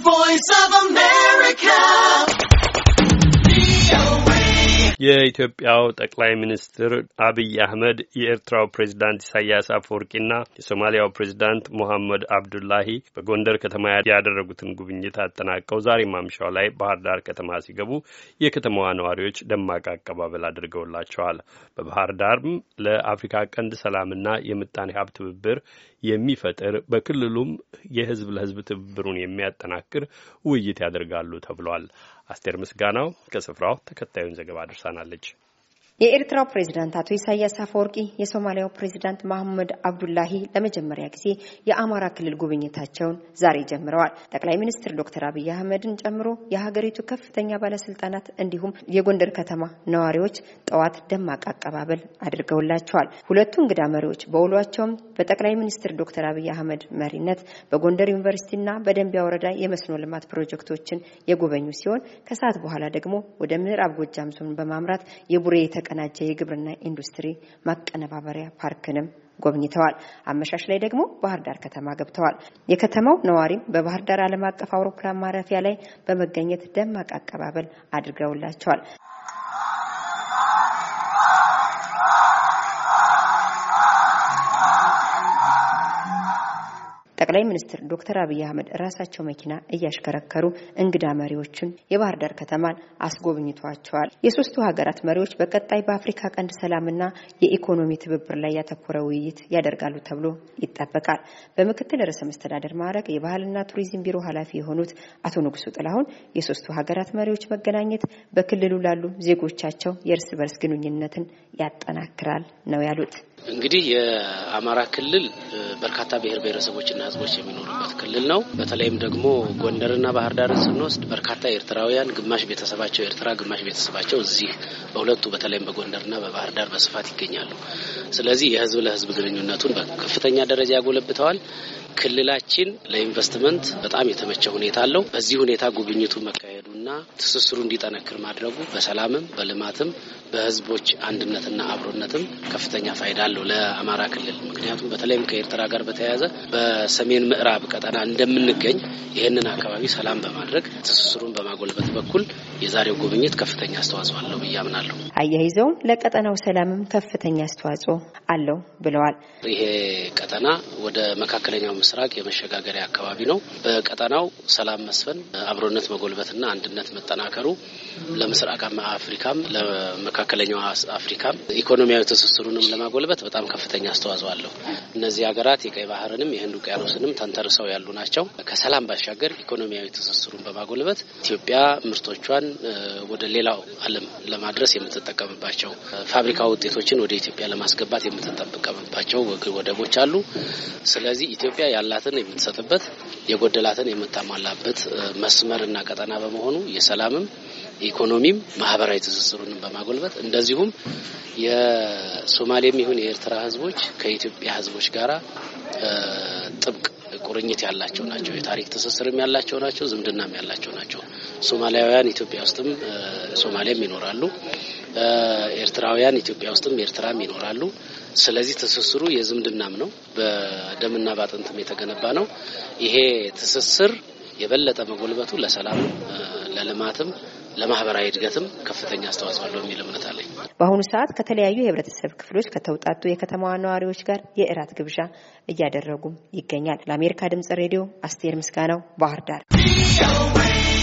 voice of a man. የኢትዮጵያው ጠቅላይ ሚኒስትር አብይ አህመድ የኤርትራው ፕሬዚዳንት ኢሳያስ አፈወርቂና የሶማሊያው ፕሬዚዳንት ሞሐመድ አብዱላሂ በጎንደር ከተማ ያደረጉትን ጉብኝት አጠናቀው ዛሬ ማምሻው ላይ ባህር ዳር ከተማ ሲገቡ የከተማዋ ነዋሪዎች ደማቅ አቀባበል አድርገውላቸዋል። በባህር ዳርም ለአፍሪካ ቀንድ ሰላምና የምጣኔ ሀብት ትብብር የሚፈጥር በክልሉም የህዝብ ለህዝብ ትብብሩን የሚያጠናክር ውይይት ያደርጋሉ ተብሏል። አስቴር ምስጋናው ከስፍራው ተከታዩን ዘገባ አድርሳናለች። የኤርትራው ፕሬዝዳንት አቶ ኢሳያስ አፈወርቂ የሶማሊያው ፕሬዝዳንት መሐመድ አብዱላሂ ለመጀመሪያ ጊዜ የአማራ ክልል ጉብኝታቸውን ዛሬ ጀምረዋል። ጠቅላይ ሚኒስትር ዶክተር አብይ አህመድን ጨምሮ የሀገሪቱ ከፍተኛ ባለስልጣናት እንዲሁም የጎንደር ከተማ ነዋሪዎች ጠዋት ደማቅ አቀባበል አድርገውላቸዋል። ሁለቱ እንግዳ መሪዎች በውሏቸውም በጠቅላይ ሚኒስትር ዶክተር አብይ አህመድ መሪነት በጎንደር ዩኒቨርሲቲና በደንቢያ ወረዳ የመስኖ ልማት ፕሮጀክቶችን የጎበኙ ሲሆን ከሰዓት በኋላ ደግሞ ወደ ምዕራብ ጎጃም ዞን በማምራት የቡሬ የተቀናጀ የግብርና ኢንዱስትሪ ማቀነባበሪያ ፓርክንም ጎብኝተዋል። አመሻሽ ላይ ደግሞ ባህር ዳር ከተማ ገብተዋል። የከተማው ነዋሪም በባህር ዳር ዓለም አቀፍ አውሮፕላን ማረፊያ ላይ በመገኘት ደማቅ አቀባበል አድርገውላቸዋል። ጠቅላይ ሚኒስትር ዶክተር አብይ አህመድ ራሳቸው መኪና እያሽከረከሩ እንግዳ መሪዎችን የባህር ዳር ከተማን አስጎብኝቷቸዋል። የሶስቱ ሀገራት መሪዎች በቀጣይ በአፍሪካ ቀንድ ሰላምና የኢኮኖሚ ትብብር ላይ ያተኮረ ውይይት ያደርጋሉ ተብሎ ይጠበቃል። በምክትል ርዕሰ መስተዳደር ማዕረግ የባህልና ቱሪዝም ቢሮ ኃላፊ የሆኑት አቶ ንጉሱ ጥላሁን የሶስቱ ሀገራት መሪዎች መገናኘት በክልሉ ላሉ ዜጎቻቸው የእርስ በርስ ግንኙነትን ያጠናክራል ነው ያሉት። እንግዲህ የአማራ ክልል በርካታ ብሔር ብሔረሰቦችና ህዝቦች የሚኖሩበት ክልል ነው። በተለይም ደግሞ ጎንደርና ባህር ዳርን ስንወስድ በርካታ ኤርትራውያን ግማሽ ቤተሰባቸው ኤርትራ፣ ግማሽ ቤተሰባቸው እዚህ በሁለቱ በተለይም በጎንደርና በባህር ዳር በስፋት ይገኛሉ። ስለዚህ የህዝብ ለህዝብ ግንኙነቱን በከፍተኛ ደረጃ ያጎለብተዋል። ክልላችን ለኢንቨስትመንት በጣም የተመቸ ሁኔታ አለው። በዚህ ሁኔታ ጉብኝቱ መካሄድ እና ትስስሩ እንዲጠነክር ማድረጉ በሰላምም በልማትም በህዝቦች አንድነትና አብሮነትም ከፍተኛ ፋይዳ አለው ለአማራ ክልል። ምክንያቱም በተለይም ከኤርትራ ጋር በተያያዘ በሰሜን ምዕራብ ቀጠና እንደምንገኝ ይህንን አካባቢ ሰላም በማድረግ ትስስሩን በማጎልበት በኩል የዛሬው ጉብኝት ከፍተኛ አስተዋጽኦ አለው ብዬ አምናለሁ። አያይዘውም ለቀጠናው ሰላምም ከፍተኛ አስተዋጽኦ አለው ብለዋል። ይሄ ቀጠና ወደ መካከለኛው ምስራቅ የመሸጋገሪያ አካባቢ ነው። በቀጠናው ሰላም መስፈን፣ አብሮነት መጎልበትና አንድነት ግንኙነት መጠናከሩ ለምስራቅ አፍሪካም ለመካከለኛው አፍሪካም ኢኮኖሚያዊ ትስስሩንም ለማጎልበት በጣም ከፍተኛ አስተዋጽኦ አለው። እነዚህ ሀገራት የቀይ ባህርንም የህንድ ውቅያኖስንም ተንተርሰው ያሉ ናቸው። ከሰላም ባሻገር ኢኮኖሚያዊ ትስስሩን በማጎልበት ኢትዮጵያ ምርቶቿን ወደ ሌላው ዓለም ለማድረስ የምትጠቀምባቸው ፋብሪካ ውጤቶችን ወደ ኢትዮጵያ ለማስገባት የምትጠቀምባቸው ወደቦች አሉ። ስለዚህ ኢትዮጵያ ያላትን የምትሰጥበት የጎደላትን የምታሟላበት መስመርና ቀጠና በመሆኑ የሰላምም ኢኮኖሚም ማህበራዊ ትስስሩንም በማጎልበት እንደዚሁም የሶማሌም ይሁን የኤርትራ ህዝቦች ከኢትዮጵያ ህዝቦች ጋራ ጥብቅ ቁርኝት ያላቸው ናቸው። የታሪክ ትስስርም ያላቸው ናቸው። ዝምድናም ያላቸው ናቸው። ሶማሊያውያን ኢትዮጵያ ውስጥም ሶማሊያም ይኖራሉ። ኤርትራውያን ኢትዮጵያ ውስጥም ኤርትራም ይኖራሉ። ስለዚህ ትስስሩ የዝምድናም ነው፣ በደምና በአጥንትም የተገነባ ነው። ይሄ ትስስር የበለጠ መጎልበቱ ለሰላም ለልማትም ለማህበራዊ እድገትም ከፍተኛ አስተዋጽኦ አለው የሚል እምነት አለኝ። በአሁኑ ሰዓት ከተለያዩ የህብረተሰብ ክፍሎች ከተውጣጡ የከተማዋ ነዋሪዎች ጋር የእራት ግብዣ እያደረጉም ይገኛል። ለአሜሪካ ድምጽ ሬዲዮ አስቴር ምስጋናው ባህር ዳር